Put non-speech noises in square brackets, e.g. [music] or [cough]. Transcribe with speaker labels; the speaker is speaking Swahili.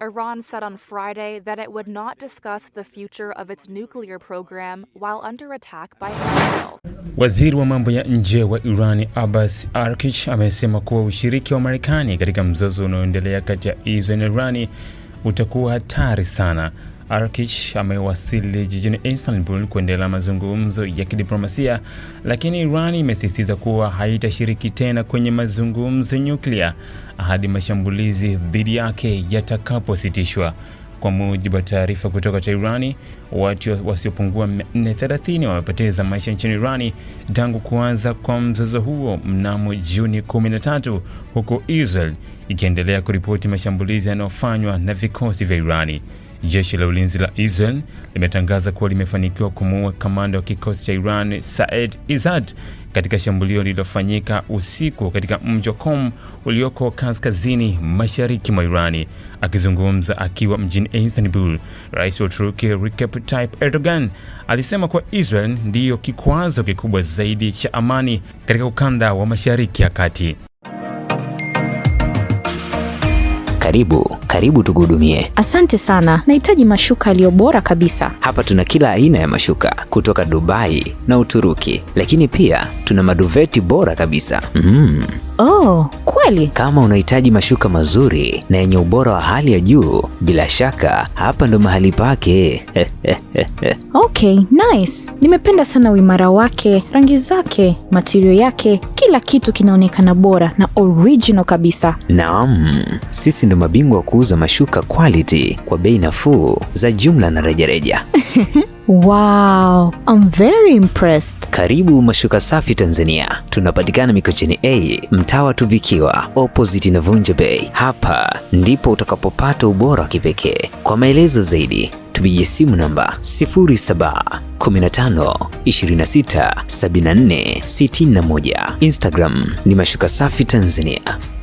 Speaker 1: Iran said on Friday that it would not discuss the future of its nuclear program while under attack by Israel.
Speaker 2: Waziri wa mambo ya nje wa Irani Abbas Arkich amesema kuwa ushiriki wa Marekani katika mzozo unaoendelea kati ya Israel na Irani utakuwa hatari sana Arkich amewasili jijini Istanbul kuendelea mazungumzo ya kidiplomasia, lakini Iran imesisitiza kuwa haitashiriki tena kwenye mazungumzo nyuklia hadi mashambulizi dhidi yake yatakapositishwa. Kwa mujibu wa taarifa kutoka Teherani, watu wasiopungua 430 wamepoteza maisha nchini Irani tangu kuanza kwa mzozo huo mnamo Juni 13, huku Israel ikiendelea kuripoti mashambulizi yanayofanywa na vikosi vya Irani. Jeshi la ulinzi la Israel limetangaza kuwa limefanikiwa kumuua kamanda wa kikosi cha Iran Said Izad katika shambulio lililofanyika usiku katika mji wa Qom ulioko kaskazini mashariki mwa Irani. Akizungumza akiwa mjini Istanbul, rais wa Uturuki Recep Tayyip Erdogan alisema kuwa Israel ndiyo kikwazo kikubwa zaidi cha amani katika ukanda wa mashariki ya kati.
Speaker 3: Karibu karibu tukuhudumie.
Speaker 4: Asante sana, nahitaji mashuka yaliyo bora kabisa.
Speaker 3: Hapa tuna kila aina ya mashuka kutoka Dubai na Uturuki, lakini pia tuna maduveti bora kabisa. Mm.
Speaker 4: Oh, kweli.
Speaker 3: Kama unahitaji mashuka mazuri na yenye ubora wa hali ya juu, bila shaka hapa ndo mahali pake. [laughs]
Speaker 4: Okay, nice. Nimependa sana uimara wake, rangi zake, matirio yake, kila kitu kinaonekana bora na original kabisa.
Speaker 3: Naam, sisi ndo mabingwa wa kuuza mashuka quality kwa bei nafuu za jumla na rejareja.
Speaker 4: [laughs] [laughs] Wow, I'm very impressed.
Speaker 3: Karibu Mashuka Safi Tanzania. Tunapatikana Mikocheni A, mtaa wa Tuvikiwa, opposite na Vunja Bay. Hapa ndipo utakapopata ubora wa kipekee. Kwa maelezo zaidi tupigie simu namba 0715 26 74 61. Instagram ni Mashuka Safi Tanzania.